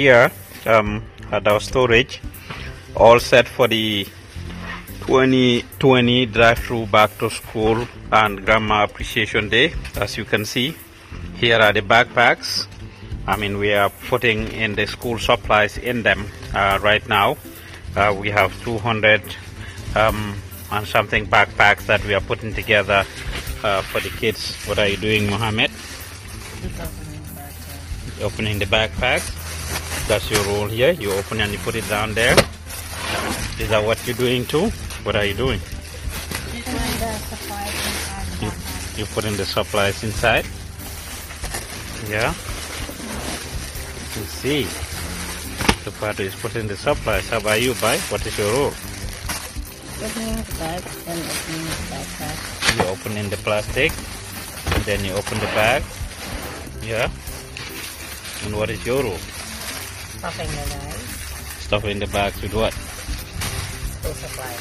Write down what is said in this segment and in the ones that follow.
here um, at our storage all set for the 2020 drive-through back to school and grandma appreciation day as you can see here are the backpacks I mean we are putting in the school supplies in them uh, right now uh, we have 200 um, and something backpacks that we are putting together uh, for the kids what are you doing Mohammed? opening the backpack that's your rule here you open and you put it down there is that what you're doing too what are you doing you, put in the supplies inside yeah you see the party is putting the supplies how about you by what is your rule opening the bag and opening the backpack you open in the plastic and then you open the bag yeah and what is your rule? Stuffing the bags. Stuffing the bags with what? School supplies.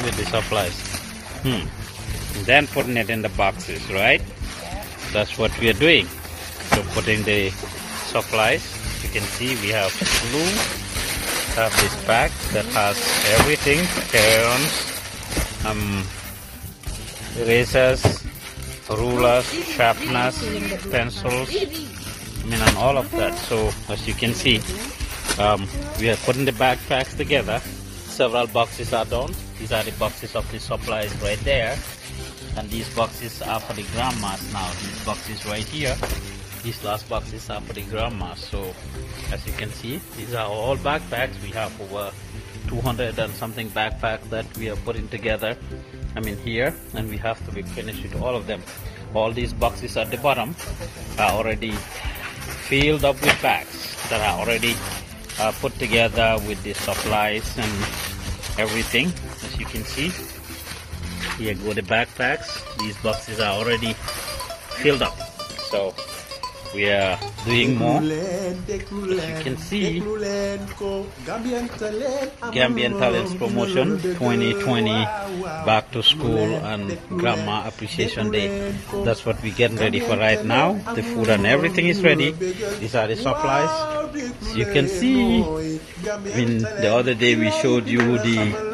With the supplies. Hmm. Then putting it in the boxes, right? Yeah. That's what we are doing. So putting the supplies. You can see we have glue. Have this bag that has everything: crayons, um, erasers, rulers, sharpeners, pencils admin and all of that. So as you can see, um, we are putting the backpacks together. Several boxes are done. These are the boxes of the supplies right there. And these boxes are for the grandmas now. These boxes right here. These last boxes are for the grandmas. So as you can see, these are all backpacks. We have over 200 and something backpack that we are putting together. I mean here and we have to be finished with all of them all these boxes at the bottom are already filled up with bags that are already uh, put together with the supplies and everything as you can see here go the backpacks these boxes are already filled up so we are doing more. As you can see, Gambian Talents Promotion 2020 Back to School and Grandma Appreciation Day. That's what we're getting ready for right now. The food and everything is ready. These are the supplies. As you can see, I mean, the other day we showed you the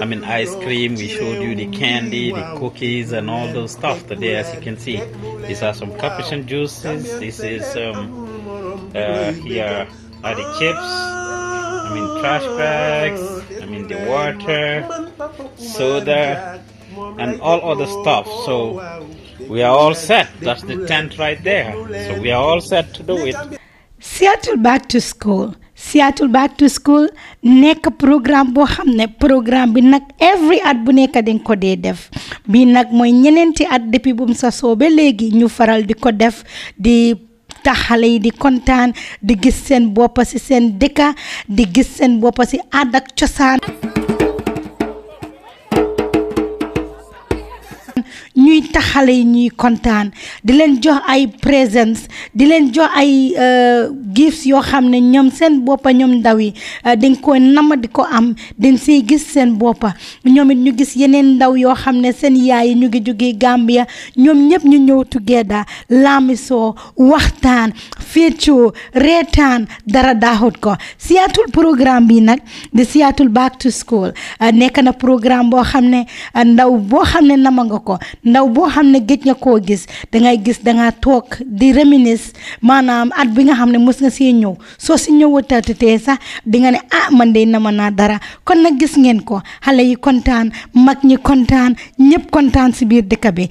I mean, ice cream, we showed you the candy, the cookies, and all those stuff today, as you can see. These are some capuchin juices. This is, um, uh, here are the chips. I mean, trash bags. I mean, the water, soda, and all other stuff. So, we are all set. That's the tent right there. So, we are all set to do it. Seattle back to school. Seattle Back to School nekk programme boo xam ne programme bi nag every at bu nekka dañ ko dee def bii nag mooy ñeneenti at depuis bu mu sasoo ba léegi ñu faral di ko def di tax yi di kontaan di gis seen bopp ci seen dëkka di gis seen boppa si àdd ak cosaan. tax xale yi ñuy kontaan di leen jox ay présents di leen jox ay euh, gifts yoo xam ne ñoom seen boppa ñoom ndaw yi euh, dañ koy nama di ko am dañ siy gis seen boppa ñoom it ñu gis yeneen ndaw yoo xam ne seen yaay yi ñu ngi jóge Gambia ñoom ñëpp ñu ñëw together laamisoo waxtaan feccoo reetaan dara daaxut ko Seattle programme bi nag di Seattle back to school euh, nekk na programme boo xam ne ndaw boo xam ne nama nga ko ndaw boo xam ne géej nga koo gis dangay gis dangaa toog di reminis maanaam at bi nga xam ne mos nga see ñëw soo si ñëwatatee sax di nga ne a ah, man de nama naa dara kon nag gis ngeen ko xale yi kontaan mag ñi kontaan ñëpp kontaan si biir dëkk bi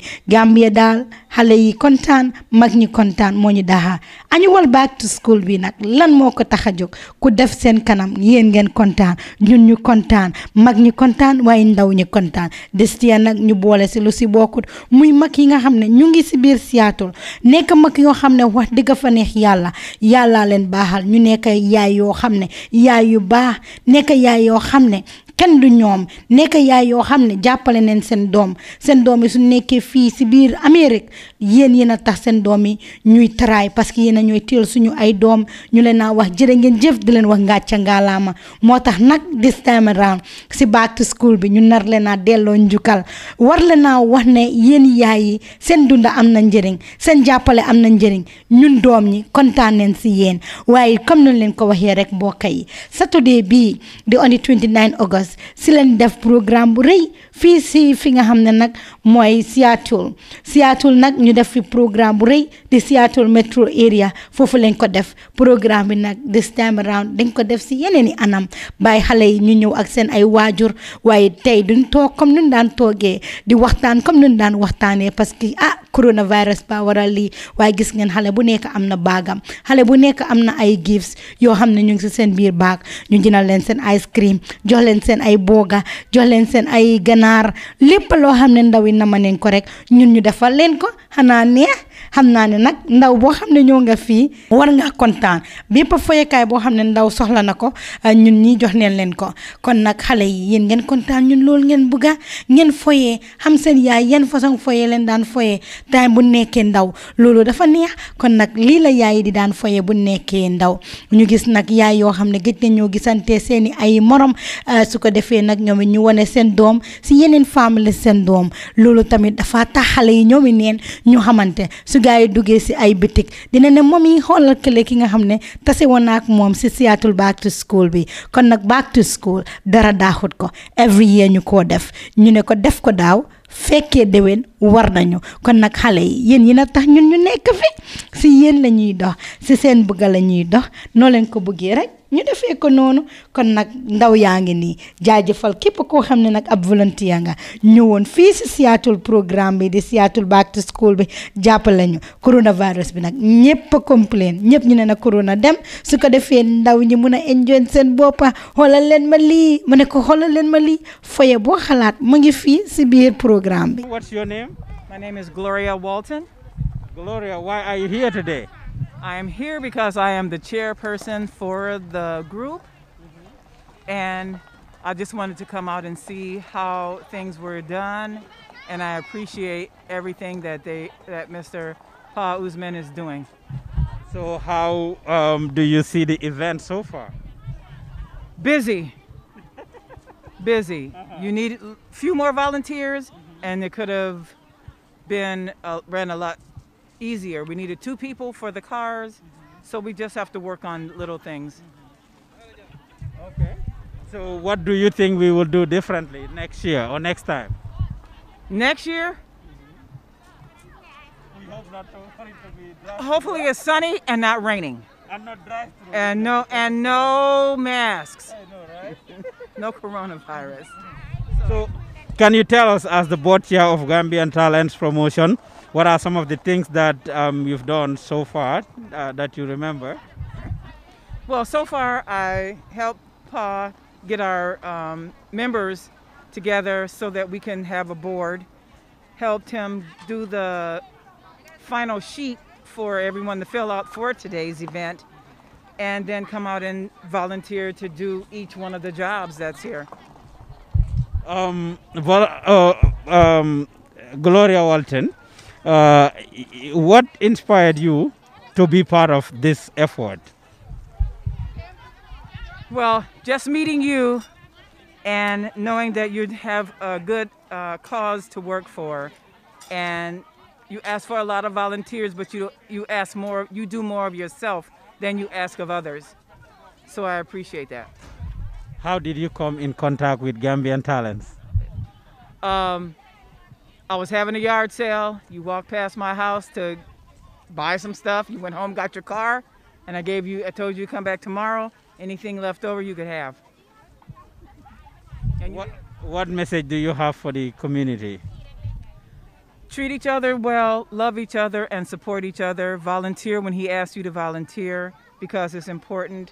daal xale yi kontaan mag ñi kontaan moo ñu daxa annual back to bi nag lan moo ko tax a jóg ku def seen kanam yéen ngeen kontaan ñun ñu kontaan mag ñi kontaan waaye ndaw ñi kontaan destia nag ñu boole si lu si bokkut muy mag yi nga xam ne ñu ngi si biir Seattle nekk mag yoo xam ne wax dëgg fa neex yàlla yàlla leen baaxal ñu nekk yaay yoo xam ne yaay yu baax nekk yaay yoo xam ne kenn du ñoom nekk yaay yoo xam ne jàppale neen seen doom seen doom yi su nekkee fii si biir Amérique yéen yéen a tax seen doom yi ñuy taraay parce que yéen a ñooy téel suñu ay doom ñu leen naa wax jërë ngeen jëf di leen wax ngàcca ngaalaama moo tax nag this time around si back to school bi ñu nar leen a delloo njukkal war leen wax ne yéen yaay yi seen dunda am na njëriñ seen jàppale am na njëriñ ñun doom ñi kontaan nañ si yéen waaye comme noonu leen ko waxee rek mbokk yi saturday bi di on the 29 august si leen def programme bu rëy fii si fi nga xam ne nag mooy Seattle Seattle nag ñu def fi programme bu rëy di Seattle metro area foofu lañ ko def programme bi nag this time around dañ ko def si yeneen i anam bàyyi xale yi ñu ñëw ak seen ay waajur waaye tey duñ toog comme nun daan toogee di waxtaan comme nun daan waxtaanee parce que ah coronavirus ba waral lii waaye gis ngeen xale bu nekk am na baagam xale bu nekk am na ay gifts yoo xam ne ñu ngi si seen biir baag ñu jëndal leen seen ice cream jox leen seen ay booga jox leen ay naar lépp loo xam ne ndaw yi nama nañ ko rek ñun ñu defal leen ko xanaa neex xam naa ne nag ndaw boo xam ne ñëw nga fii war ngaa kontaan bépp foyekaay boo xam ne ndaw soxla na ko euh, ñun ñii jox neen leen ko kon nag xale yi yéen ngeen kontaan ñun loolu ngeen bëgga ngeen foyee xam seen yaay yan façon foyee leen daan foye time bu nekkee ndaw loolu dafa neex kon nag lii la yaay di daan foyee bu nekkee ndaw ñu gis nag yaay yoo xam ne gëj ñoo gisante seeni ay morom euh, su ko defee nag ñoom ñu wane seen doom si yeneen famille seen doom loolu tamit dafa tax xale yi ñoom it neen ñu xamante su gars yi duggee si ay bitik dina ne moom yi xoolal kële ki nga xam ne tase woon naa ak moom si Seattle back to school bi kon nag back to school dara daaxut ko every year ñu koo def ñu ne ko def ko daaw fekkee déwén war nañu kon nag xale yi yéen yi na tax ñun ñu nekk fi si yéen la ñuy dox si seen bëgga la ñuy dox noo leen ko buggee rek ñu defee ko noonu kon nag ndaw yaa ngi nii jaajëfal képp koo xam ne nag ab volontaire nga ñëwoon fii si Seattle programme bi di Seattle back to school bi jàppale ñu coronavirus bi nag ñëpp a complain ñëpp ñu ne na corona dem su ko defee ndaw ñi mun a enjoy seen boppa xoolal leen ma lii mu ne ko xoolal leen ma lii foye boo xalaat mu ngi fii si biir programme bi. What's your My name is Gloria Walton. Gloria, why are you here today? I am here because I am the chairperson for the group, mm-hmm. and I just wanted to come out and see how things were done, and I appreciate everything that they that Mr. Pa Usman is doing. So, how um, do you see the event so far? Busy, busy. Uh-huh. You need a few more volunteers, mm-hmm. and it could have been uh, ran a lot easier. We needed two people for the cars, mm -hmm. so we just have to work on little things. Mm -hmm. Okay. So what do you think we will do differently next year or next time? Next year? Mm -hmm. hope to, Hopefully it's sunny and not raining. And not dry. And no and no masks. Know, right? no coronavirus. so can you tell us, as the board chair of Gambian Talents Promotion, what are some of the things that um, you've done so far uh, that you remember? Well, so far I helped PA get our um, members together so that we can have a board. Helped him do the final sheet for everyone to fill out for today's event and then come out and volunteer to do each one of the jobs that's here. Um, well, uh, um, Gloria Walton, uh, what inspired you to be part of this effort? Well, just meeting you and knowing that you have a good uh, cause to work for, and you ask for a lot of volunteers, but you you ask more, you do more of yourself than you ask of others. So I appreciate that. How did you come in contact with Gambian talents? Um, I was having a yard sale. You walked past my house to buy some stuff. You went home, got your car, and I gave you. I told you to come back tomorrow. Anything left over, you could have. And what, what message do you have for the community? Treat each other well, love each other, and support each other. Volunteer when he asks you to volunteer because it's important.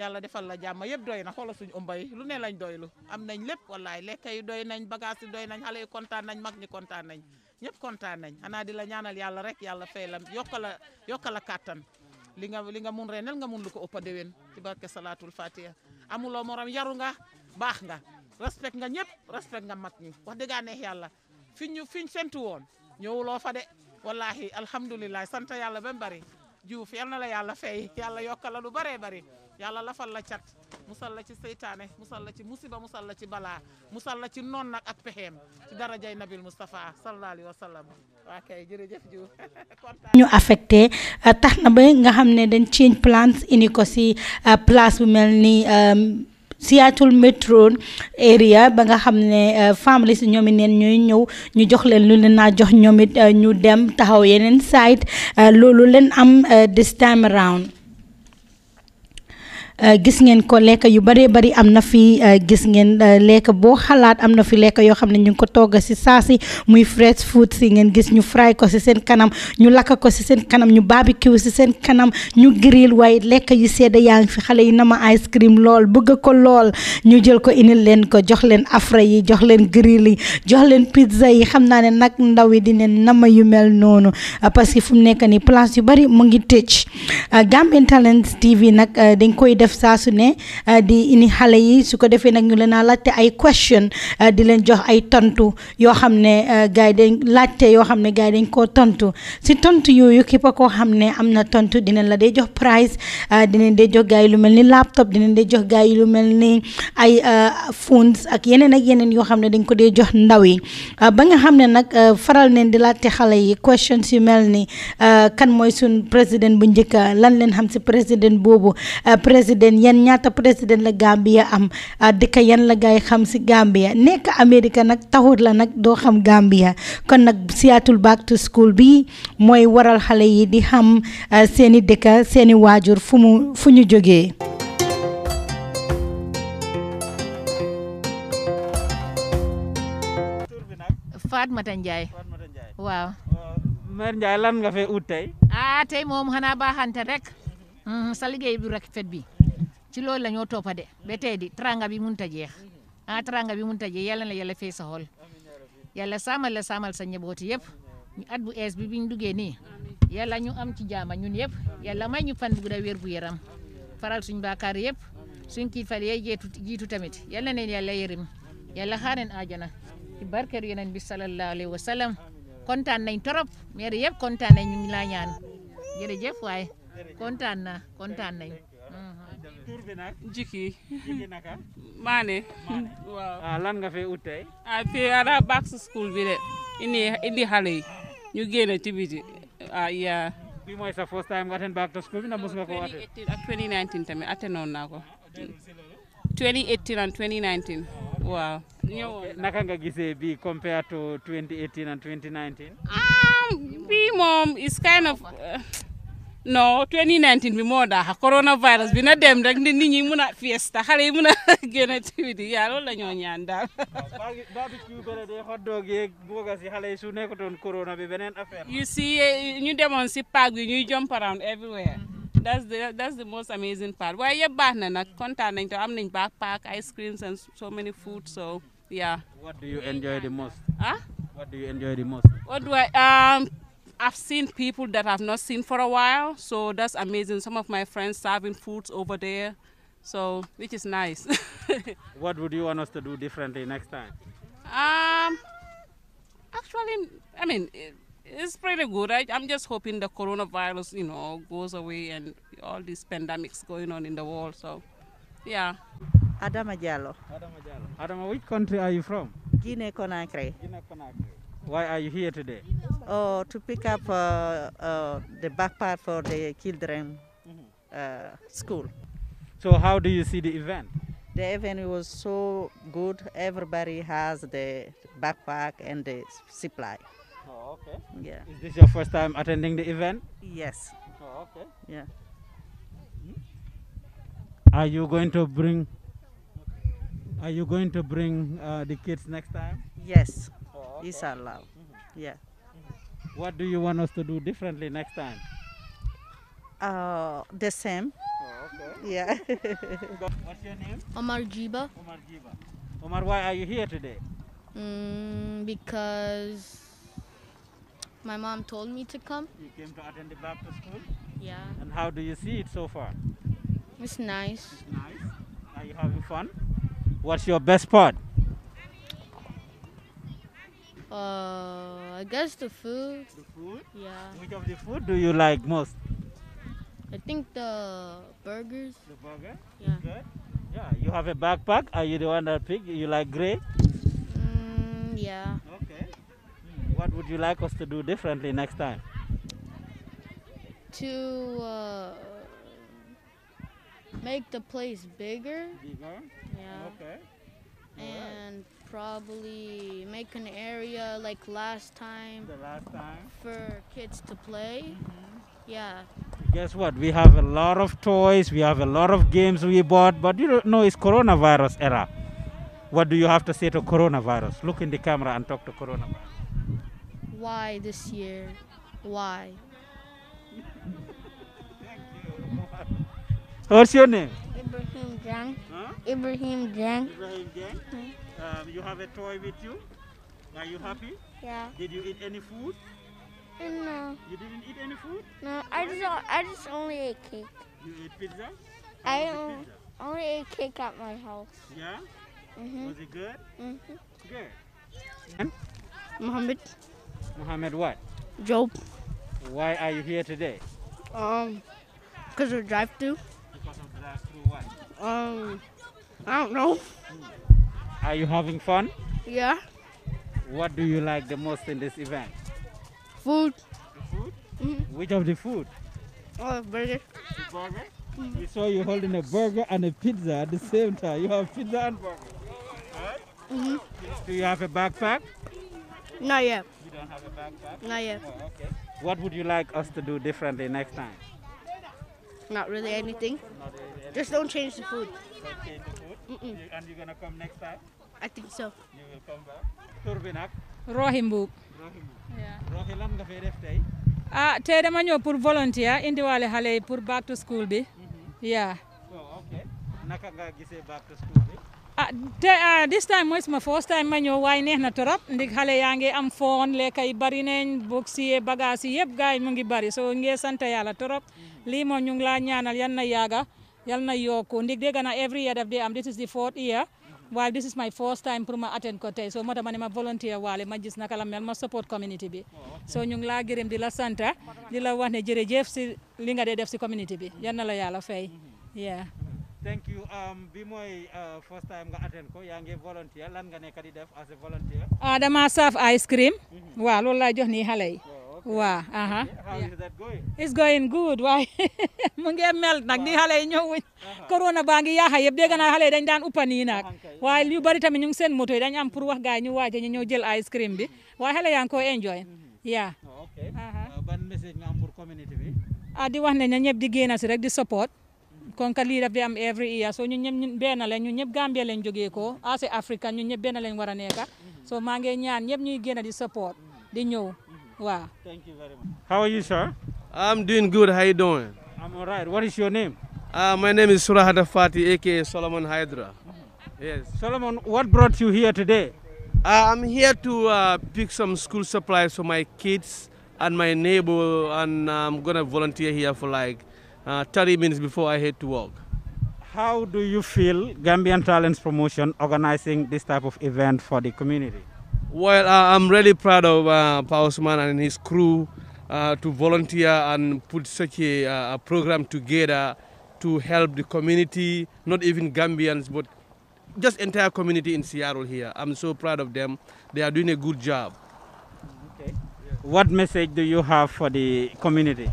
yàlla defal la jàmm yëpp doy na xoolal suñu umba yi lu ne lañ doylu am nañ lépp wallaay lekk yi doy nañ bagage yi doy nañ xale yi kontaan nañ mag ñi kontaan nañ ñëpp kontaan nañ xanaa di la ñaanal yàlla rek yàlla fay la yokk la yokk la kàttan li nga li nga mun renel nga mun lu ko ëpp a déwén ci barke salaatul fatiha amuloo morom yaru nga baax nga respect nga ñëpp respect nga mag ñi wax dëgg neex yàlla fi ñu fi ñu sentu woon ñëwuloo fa de wallahi alhamdulilah sant yàlla ba mu bari Diouf yal na la yàlla fay yàlla lafal la cat musal la ci seytaane musal la ci musiba musal la ci balaa musal la ci noon nag ak pexeem ci darajay nabil Moustapha sallallahu alayhi wa sallam waa kay jërëjëf Diouf ñu affecté euh, tax na ba nga xam ne dañ change plans indi ko si euh, place bu mel ni euh, Seattle metro area ba nga xam ne family si ñoom it neen ñooy ñëw ñu jox leen lu leen naa jox ñoom it ñu dem taxaw yeneen site loolu leen am this time around Eh, gis ngeen ko lekk yu bëree bëri am na fi eh, gis ngeen eh, lekk boo xalaat am na fi lekk yoo xam ne ñu ngi ko togg si saasi muy fresh food si ngeen gis ñu fry ko si seen kanam ñu lakk ko si seen kanam ñu barbecue si seen kanam ñu grill waaye lekk yu sedda yaa ngi fi xale yi nama ice cream lool bëgg ko lool ñu jël ko indil leen ko jox leen afra yi jox leen grill yi jox leen pizza yi xam naa ne nag ndaw yi dineen nama yu mel noonu parce fu mu nekk nii place yu bëri mu ngi tëj Gambian Talents TV nag koy def def saa su ne uh, di ini xale yi su ko defee nag ñu leen a laajte ay question uh, di leen jox ay tontu yoo xam ne uh, gars yi dañ laajte yoo xam ne gars yi dañ koo tontu si tontu yooyu képp koo xam ne am na tontu dinañ la dee jox prize dinañ dee jox gars yi lu mel ni laptop dinañ dee jox gars yi mel ni ay phones ak yeneen ak yeneen yoo xam ne dañ ko dee jox ndaw yi ba nga xam ne nag faral neen di laajte xale yi questions yu mel ni kan mooy suñ président bu njëkk lan leen xam si président boobu président président yan ñaata président la gambia am ah, dëkk yan la gaay xam si gambia nekk america nak taxut la nag doo xam gambia kon nag seattle back to school bi mooy waral xale yi di xam ah, seni dëkk seni waajur fu mu fu ñu jógee Fatmata Ndiaye waaw uh, mère Ndiaye lan nga fee ut ah tey moom xanaa baaxante rek mm-hmm. sa liggéey bi rek fet bi ci loolu la ñoo toppa de ba tey di tranga bi mënut a jeex ah tranga bi mënut a jeex yàlla na yàlla fay sa xol yàlla saamal la saamal sa njabooti yëpp ñu at bu ees bi biñ duggee nii yàlla ñu am ci jaama ñun yëpp yàlla may ñu fan bu gudd wér bu yaram faral suñ baakaar yëpp suñ kiifal yee jeetu jiitu tamit yàlla neen yàlla yërëm yàlla xaareen aajana ci barkeeru yeneen bi sallallahu alayhi wa sallam kontaan nañ trop maire yëpp kontaan nañ ñu ngi laa ñaan jërëjëf waaye kontaan na kontaan nañ tur bi nag jiki jiki maane waaw ah, lan nga fee ut tey ah fii ada back school bi de indi indi xale yi ñu génn ci biti ah yaa bi mooy sa first time nga attend back to school bi na mos nga ko ah, attend 2018 ak 2019 tamit attendoon naa ko 2018 ah, and 2019 waaw ñëwoon naka nga gisee bi compared to 2018 and 2019 ah bi moom is kind of uh, non 2019 bi moo daax coronavirus bi na dem rek nit ñi mun a fiesta xale yi mun a génn ci biti yaa loolu la ñoo ñaan daal. waaw baa bi ci bële hot dog yeeg bogas yi xale yi su nekkutoon corona bi beneen affaire. you see eh, ñu demoon si park bi ñuy jump around everywhere. that's the that's the most amazing part waaye yëpp baax na nag kontaan nañ te am nañ baax park ice creams and so many food so yeah. what do you enjoy the most. Ah? what do you enjoy the most. I've seen people that I've not seen for a while, so that's amazing. Some of my friends serving foods over there, so which is nice. what would you want us to do differently next time? Um, actually, I mean, it, it's pretty good. I, am just hoping the coronavirus, you know, goes away and all these pandemics going on in the world. So, yeah. Adama Jallo. Adama Jallo. Adama, which country are you from? Guinea Conakry. Guinea Conakry. Why are you here today? Oh, to pick up uh, uh, the backpack for the children mm-hmm. uh, school. So how do you see the event? The event was so good. Everybody has the backpack and the supply. Oh, okay. Yeah. Is this your first time attending the event? Yes. Oh, okay. Yeah. Hmm? Are you going to bring? Are you going to bring uh, the kids next time? Yes. It's allowed. Mm -hmm. Yeah. Mm-hmm. What do you want us to do differently next time? Uh, the same. Oh, okay. Yeah. What's your name? Omar Jiba. Omar Jiba. Omar, why are you here today? Mm, because my mom told me to come. You came to attend the Baptist school? Yeah. And how do you see it so far? It's nice. It's nice. Are you having fun? What's your best part? Uh, I guess the food. The food? Yeah. Which of the food do you like most? I think the burgers. The burger? Yeah. Good. Yeah. You have a backpack. Are you the one that pick? You like gray? Mm, yeah. Okay. Hmm, what would you like us to do differently next time? To uh, make the place bigger. Bigger. Yeah. Okay. All and. Right probably make an area like last time. The last time? For kids to play. Mm -hmm. Yeah. Guess what? We have a lot of toys, we have a lot of games we bought, but you don't know it's coronavirus era. What do you have to say to coronavirus? Look in the camera and talk to coronavirus. Why this year? Why? What's your name? Ibrahim Jang. Huh? Ibrahim Jang. Ibrahim Jang? Mm -hmm. Um, you have a toy with you? Are you happy? Yeah. Did you eat any food? No. You didn't eat any food? No, I just I just only ate cake. You ate pizza? I only, pizza? only ate cake at my house. Yeah? Mm -hmm. Was it good? Mm -hmm. Good. And? Muhammad. Muhammad what? Job. Why are you here today? Um, because of drive-through. Because of drive-through what? Um, I don't know. Hmm. Are you having fun? Yeah. What do you like the most in this event? Food. The food? Mm -hmm. Which of the food? Oh, burger. The burger? Mm-hmm. We saw you holding a burger and a pizza at the same time. You have pizza and burger. Right? Mm -hmm. Do you have a backpack? Not yet. You don't have a backpack? Not yet. Oh, okay. What would you like us to do differently next time? Not really anything. Not really anything. Just don't change the food. You, and you're gonna come next time? I think so. You will come back. bi nag. Rohi Mbuub. Rohi Mbuub. Ah, pour volontaire indiwaale xale yi pour back to school bi. Mm-hmm. yaa. ok nga gisee back to school bi. Ah, ah, this time mooy suma first time ma ñëw waaye neex na trop ndig xale yaa ngi am foon lekka yi bari nañ books yi bagage yi yëpp gars yi mu ngi bari soo ngee sant yàlla trop mm-hmm. lii moom ñu laa ñaanal yan yaaga. yal na yokku ndig dégg naa every year daf dee am this is the fourth year waaye this is my first time pour ma attend ko tey so moo ma ne ma volontaire waale ma gis naka la mel ma support community bi so ñu ngi laa gërëm di la sant di la wax ne jërëjëf si li nga dee def si community bi yal na la yàlla fay yeah thank you um, uh, a ah, ice cream mm-hmm. waaw loolu laa jox nii xale waaw aha it's going good waaye mu ngi mel nag ni xale yi ñëwuñ corona baa ngi yaaxa yëpp dégg naa xale yi dañ daan uppa nii nag waaye yu bari tamit ñu ngi seen moto yi dañ am pour wax gaay ñu waaje ñu ñëw jël ice cream bi waaye xale yaa ngi ko enjoy mm-hmm. yaa oh, uh, ah, di wax ne ña ñëpp di génn si rek di support kon lii daf di am every year so ñun ñëpp ñun ñëpp Gambia lañ jógee ko Asie Africa ñu ñëpp benn lañ war a nekk mm-hmm. so maa ngi ñaan ñëpp ñuy génn di support di ñëw Wow. Thank you very much. How are you, sir? I'm doing good. How you doing? I'm all right. What is your name? Uh, my name is Surahata Fati, aka Solomon Hydra. Mm-hmm. Yes. Solomon, what brought you here today? Uh, I'm here to uh, pick some school supplies for my kids and my neighbor, and I'm going to volunteer here for like uh, 30 minutes before I head to work. How do you feel Gambian Talents Promotion organizing this type of event for the community? Well, uh, I'm really proud of uh, and his crew uh, to volunteer and put such a, uh, a, program together to help the community, not even Gambians, but just entire community in Seattle here. I'm so proud of them. They are doing a good job. Okay. What message do you have for the community?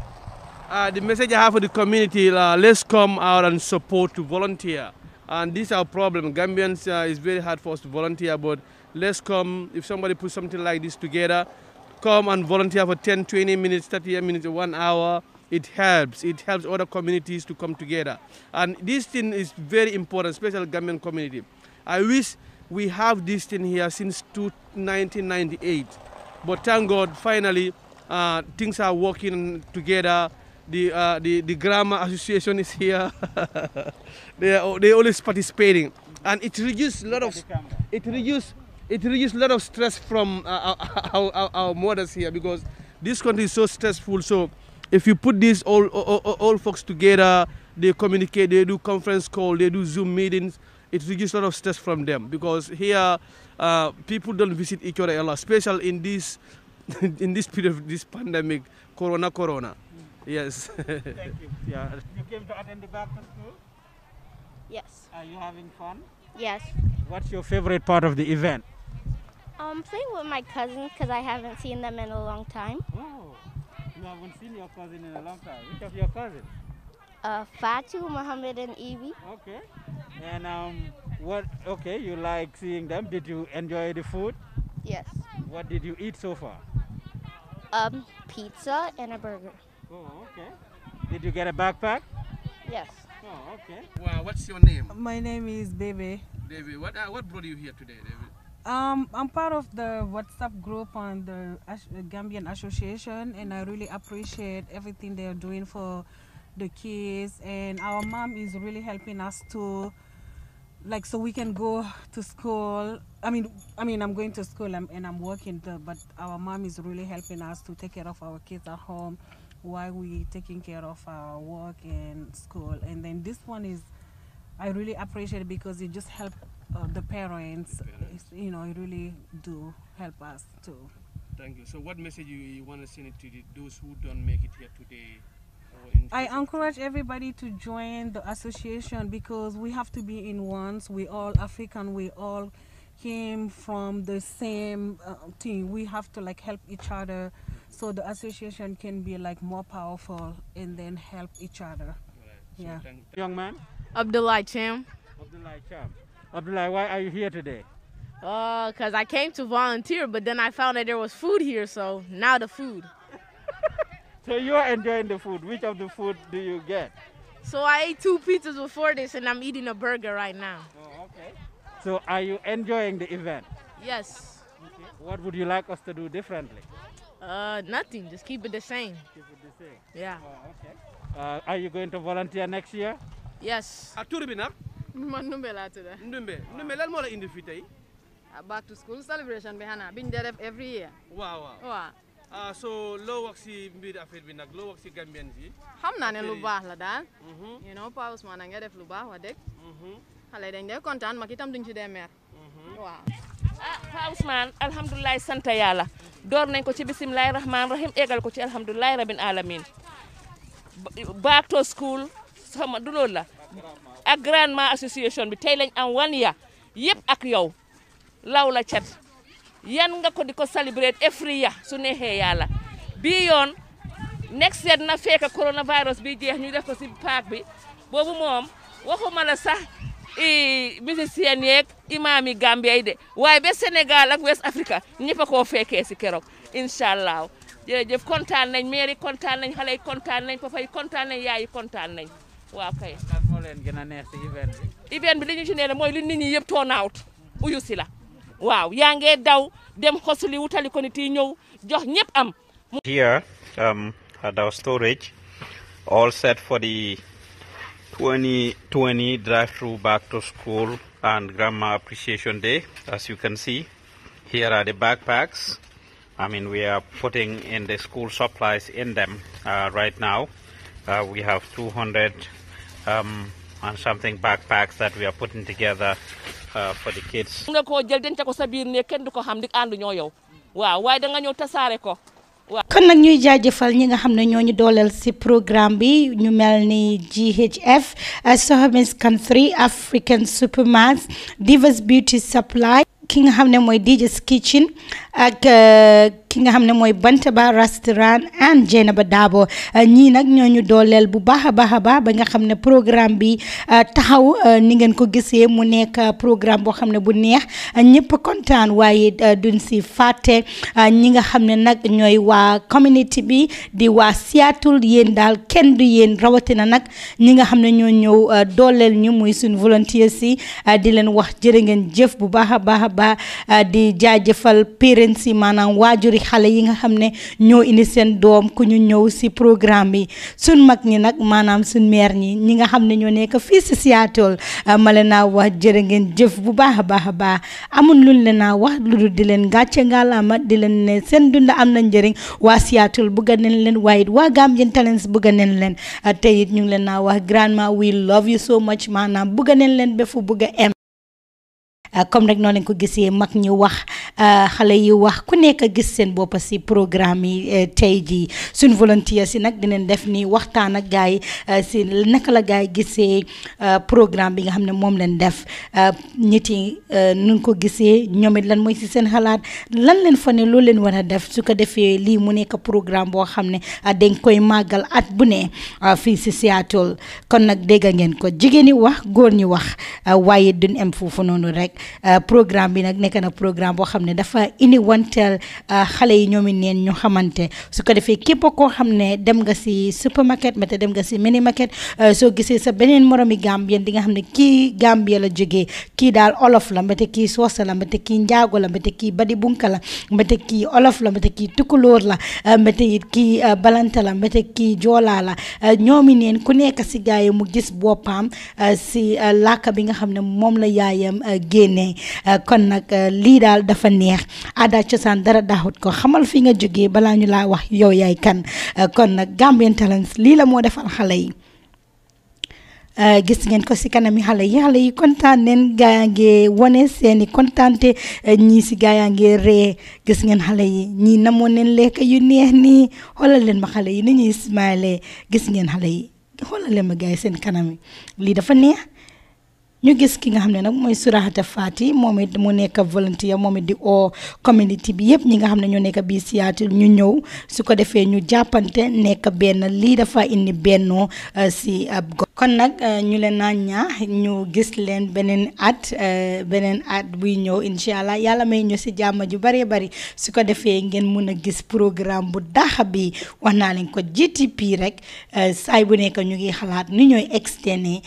Uh, the message I have for the community, uh, let's come out and support to volunteer. And this is our problem. Gambians, uh, it's very hard for us to volunteer, but Let's come, if somebody puts something like this together, come and volunteer for 10, 20 minutes, 30 minutes, one hour. It helps. It helps other communities to come together. And this thing is very important, especially Gambian community. I wish we have this thing here since 1998. But thank God, finally, uh, things are working together. The, uh, the, the Grammar Association is here. they are, they're always participating. And it reduces a lot of, it reduces it reduces a lot of stress from uh, our, our, our, mothers here because this country is so stressful. So if you put these all, all, all folks together, they communicate, they do conference call, they do Zoom meetings, it reduces a lot of stress from them because here uh, people don't visit each other a lot, especially in this, in this period of this pandemic, Corona, Corona. Yes. Thank you. Yeah. You came to attend the back school? Yes. Are you having fun? Yes. What's your favorite part of the event? Um, playing with my cousins because I haven't seen them in a long time. Oh, you haven't seen your cousin in a long time. Which of your cousins? Uh, Fatu, Muhammad, and Evie. Okay. And um, what? Okay, you like seeing them. Did you enjoy the food? Yes. What did you eat so far? Um, pizza and a burger. Oh, okay. Did you get a backpack? Yes. Oh, okay. Wow, what's your name? My name is Baby. Baby, what uh, what brought you here today, David? Um, I'm part of the WhatsApp group on the Gambian Association, and I really appreciate everything they are doing for the kids. And our mom is really helping us to, like, so we can go to school. I mean, I mean, I'm going to school and I'm working, but our mom is really helping us to take care of our kids at home while we taking care of our work and school. And then this one is, I really appreciate it because it just helped uh, the parents, parents. you know, really do help us too. Thank you. So, what message you, you want to send to the, those who don't make it here today? I encourage everybody to join the association because we have to be in ones. We all African. We all came from the same uh, thing. We have to like help each other, so the association can be like more powerful and then help each other. Right. So yeah. Young man. Abdullah Cham. Abdullah Cham. Abdullah, why are you here today? Uh, cause I came to volunteer, but then I found that there was food here, so now the food. so you are enjoying the food. Which of the food do you get? So I ate two pizzas before this, and I'm eating a burger right now. Oh, okay. So are you enjoying the event? Yes. Okay. What would you like us to do differently? Uh, nothing. Just keep it the same. Keep it the same. Yeah. Oh, okay. Uh, are you going to volunteer next year? Yes. man Ndumbe laa tudd. Ndumbe Ndumbe lan la indi ah, back to school celebration bi xanaa biñ def every year. Wow, wow. waaw. ah so lo wax si mbir affaire bi nag loo wax si Gambien si. xam ne lu la mhm. you know Pa Ousmane a nga def lu baax wax dëgg. Mhm. xale dañ dee kontaan mag itam duñ ci dee mer. Mhm. waaw. ah Pa Ousmane alhamdulilah sant yàlla. door nañ ko ci bisimilahi rahmaani rahim egal ko ci alhamdulilah alamin back to school sama du la. ak grandement association bi tey lañ am wan ya yëpp ak yow law la cat yan nga ko di ko célébrer every ya su neexee yàlla bii yoon next set na fekk coronavirus bi jeex ñu def ko si paak bi boobu moom waxuma la sax musicien yeeg imaam yi Gambie de waaye be Sénégal ak West Africa ñëpp a koo fekkee si keroog incha allah jërëjëf kontaan nañ mairie kontaan nañ xale yi kontaan nañ papa yi kontaan nañ yaay yi kontaan nañ. waaw kay lan moo leen gën a here um, at our storage all set for the 2020 drive through back to school and grandma appreciation day as you can see here are the backpacks I mean we are putting in the school supplies in them uh, right now uh, we have 200 um, and something backpacks that we are putting together uh, for the kids. nga koo jël denc ko sa biir ne kenn du ko xam di ànd ñoo yow waaw waaye danga ñëw tasaare ko. kon nag ñuy jaajëfal ñi nga xam ne ñoo ñu dooleel si programme bi ñu mel ni GHF uh, Sohami's Country African Supermarket Divas Beauty Supply ki nga xam ne mooy DJ's Kitchen ak. Uh, ki nga xam ne mooy Bantaba restaurant and Jaynaba Dabo uh, ñii nag ñoo ñu dooleel bu baax a baax a baax ba nga xam ne programme bi uh, taxaw uh, ni ngeen ko gisee mu nekk programme boo xam ne bu neex ñëpp kontaan waaye duñ si fàtte ñi nga xam ne nag ñooy waa community bi di waa Seattle yéen daal kenn du yéen rawatina nag ñi nga xam ne ñoo ñëw dooleel ñu muy suñu volontaires si di leen wax jërë ngeen jëf bu baax a baax a baax di jaajëfal parents yi maanaam ñaari xale yi nga xam ne ñoo indi seen doom ku ñu ñëw si programme bi suñ mag ñi nag maanaam sun meer ñi ñi nga xam ne ñoo nekk fii si Seattle ah, ma leen naa wax jërë ngeen jëf bu baax a baax a baax amun luñ leen naa wax lu dul di leen gàcce ngaalaama di leen ne seen dunda am na njëriñ waa Seattle bëgg nañ leen waaye wa waa Gambian Talents bëgg nañ leen ah, te it ñu ngi leen naa wax grandma we love you so much maanaam bëgg nañ leen ba fu bëgg a ah, am comme rek noonu lañ ko gisee mag ñu wax Euh, xale yi wax ku nekk gis seen boppa si programme yi euh, tey jii suñ volontaires si nag dinañ def ni waxtaan ak gars yi euh, si naka la gars yi gisee programme bi nga xam ne moom leen def nit yi nuñ ko gisee ñoom it lan mooy si seen xalaat lan leen fa ne loolu leen war a def su ko defee lii mu nekk programme boo xam ne dañ koy màggal at bu ne fii si Seattle kon nag dégg ngeen ko jigéen ñi wax góor ñi wax waaye duñ am foofu noonu rek programme bi nag nekk na programme boo xam xamne dafa ini wantel ah, xalé yi ñoomi neen ñu xamanté su ko defee képp ko xamne dem nga ci supermarket mete dem nga ci mini market ah, so gisé sa beneen moromi gambien di nga xamne ki kii gambia la jogé ki dal olof la mbete ki sosa la mbete ki njaago la mbete ki badi bunka la mbete ki olof la mbete ki tukulor la ah, mbete it balanta la mbete ki jola la ñoomi neen ku nekk si gaay mu gis bopam si laka bi nga xamne mom la yaayam kon nak li dal dafa neex aada cosaan dara daaxut ko xamal fi nga jógee balaa ñu laa wax yow yaay kan euh, kon nag Gambian Talents lii la moo defal xale yi euh, gis ngeen ko si kanami xale yi xale yi kontaan neen gaa yaa ngi wane seeni kontaante euh, ñii si gaa yaa ngi ree gis ngeen xale yi ñii namoon nen lekk yu ni nii ma xale yi ni ñuy smile gis ngeen xale yi xoolal ma gaa yi kanami lii dafa neex ñu gis ki nga xam ne nag mooy Sourahata Faty moom it mu nekk volontaire moom it di oo community bi yëpp ñi nga xam ne ñoo nekk bii Seattle ñu ñëw su ko defee ñu jàppante nekk benn lii dafa indi bennoo euh, si ab gox kon nag euh, ñu leen naa ñaax ñu gis leen beneen at euh, beneen at buy ñëw incha allah yàlla may ñëw si jàmm ju bëree bëri su ko defee ngeen mun a gis programme bu daxa bi wax naa leen ko GTP rek saay bu nekk ñu ngi xalaat nu ñooy externe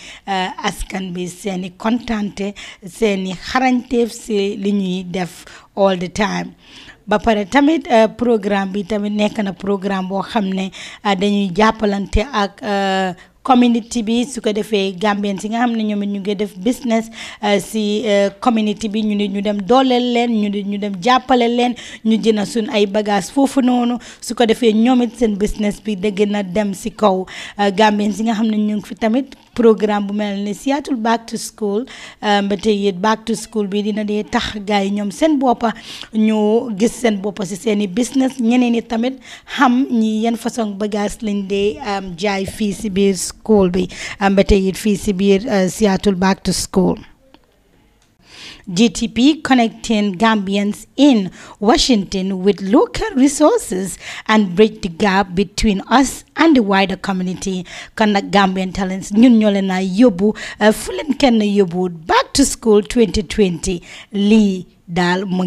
askan bi seeni seeni kontante seeni xarañteef si li ñuy def all the time ba pare tamit euh, programme bi tamit nekk na programme boo xam ne euh, dañuy jàppalante ak euh, community bi su ko defee Gambien si nga xam ne ñoom it ñu ngi def business si community bi ñu ne ñu dem dooleel leen ñu ne ñu dem jàppale leen ñu jëna suñ ay bagages foofu noonu su ko defee ñoom it seen business bi da gën a dem si kaw Gambien si nga xam ne ñoo ngi fi tamit. programme bu mel ni Seattle back to school euh, ba tey back to school bi dina dee tax gars yi ñoom seen boppa ñu gis seen boppa si seen i business ñeneen yi tamit xam ñii yan façon bagage lañ dee euh, jaay fii si biir school bi euh, ba yit fii si biir Seattle back to school GTP connecting Gambians in Washington with local resources and bridge the gap between us and the wider community. Connect Gambian talents. ñun Yobu, uh, leen Yobu, back to school 2020 Lee Dal mu